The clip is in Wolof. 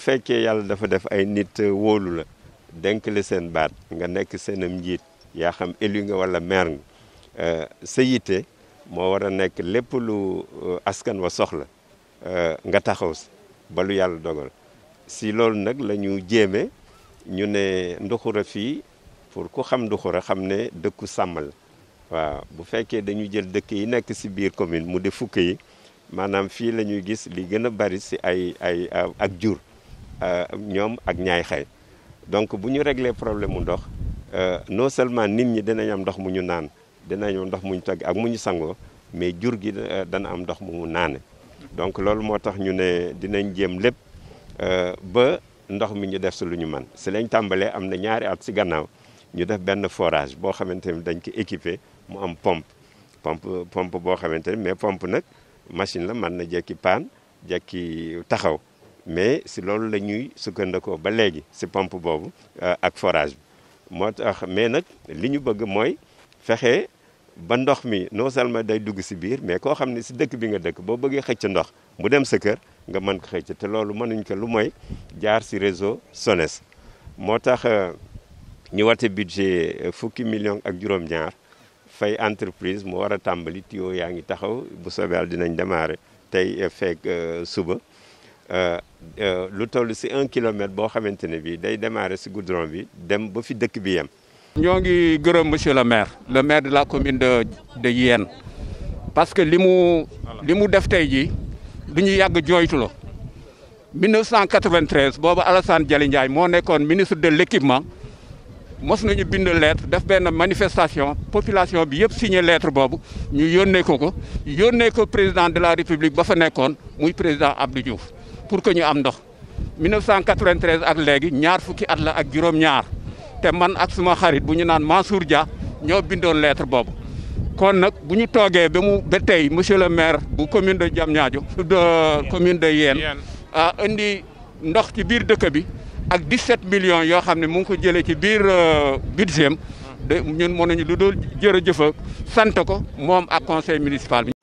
bu fekkee yàlla dafa def ay nit euh, wóolu la denkale seen baat nga nekk seenam njiit yaa xam élu nga wala maire nga euh, sa yitte moo war a nekk lépp lu euh, askan wa soxla nga taxaw si ba lu yàlla dogal si loolu nag lañu jéeme ñu ne nduxura fii pour ku xam nduxura xam ne dëkku sàmm la waaw bu fekkee dañu jël dëkk yi nekk si biir commune mu di fukk yi maanaam fii la ñuy gis li gën a bari si ay ay ak jur Euh, ñoom ak ñaay xay donc bu ñu régler problème mu ndox euh, non seulement nit ñi dinañ am ndox mu ñu naan dinañ am ndox mu ñu togg ak mu ñu sangoo mais jur gi euh, dana am ndox mu mu naane donc loolu moo tax ñu ne dinañ jéem lépp ba ndox mi ñu def si lu ñu man si lañ tàmbalee am na ñaari at si gannaaw ñu def benn forage boo xamante ni dañ ko équipé mu am pompe pompe pompe boo xamante ni mais pompe nag machine la mën na jekki paan jekki taxaw mais si loolu la ñuy sukkandikoo ba léegi si pompe boobu euh, ak forage bi moo tax mais nag li ñu bëgg mooy fexe ba ndox mi non seulement day dugg si biir mais koo xam ne si dëkk bi nga dëkk boo bëggee xëcc ndox mu dem sa kër nga mën ko xëcc te loolu mënuñ ko lu moy jaar si réseau SONES moo tax euh, ñu wate budget euh, fukki million ak juróom-ñaar fay entreprise mu war a tàmbali tuyau yaa ngi taxaw bu soobee dinañ démarrer tey feeg suba euh, euh, lu toll si un kilomètre boo xamante ne bii day démarrer si goudron bi dem ba fi dëkk bi yem. ñoo ngi gërëm monsieur le maire le maire de la commune de de Yène parce que li mu li mu def tey jii du ñu yàgg jooytu 1993 boobu Alassane Dialy Ndiaye moo nekkoon ministre de l' équipement mos nañu bind lettre def benn manifestation population bi yëpp signé lettre boobu ñu yónnee ko ko yónnee ko président de la république ba fa nekkoon muy président Abdou Diouf. pour que ñu am ndox 1993 ak léegi ñaar fukki at la ak juróom-ñaar te man ak suma xarit bu ñu naan Mansour Dia ñoo bindoon leetre boobu. kon nag bu ñu toogee ba mu ba tey monsieur le maire bu commune de Diamniadio de commune de Yène ah indi ndox ci biir dëkk bi ak 17 million yoo xam ne mu ngi ko jëlee ci biir euh, budget mm. de ñun mënuñu lu dul jërëjëf sant ko moom ak conseil municipal bi.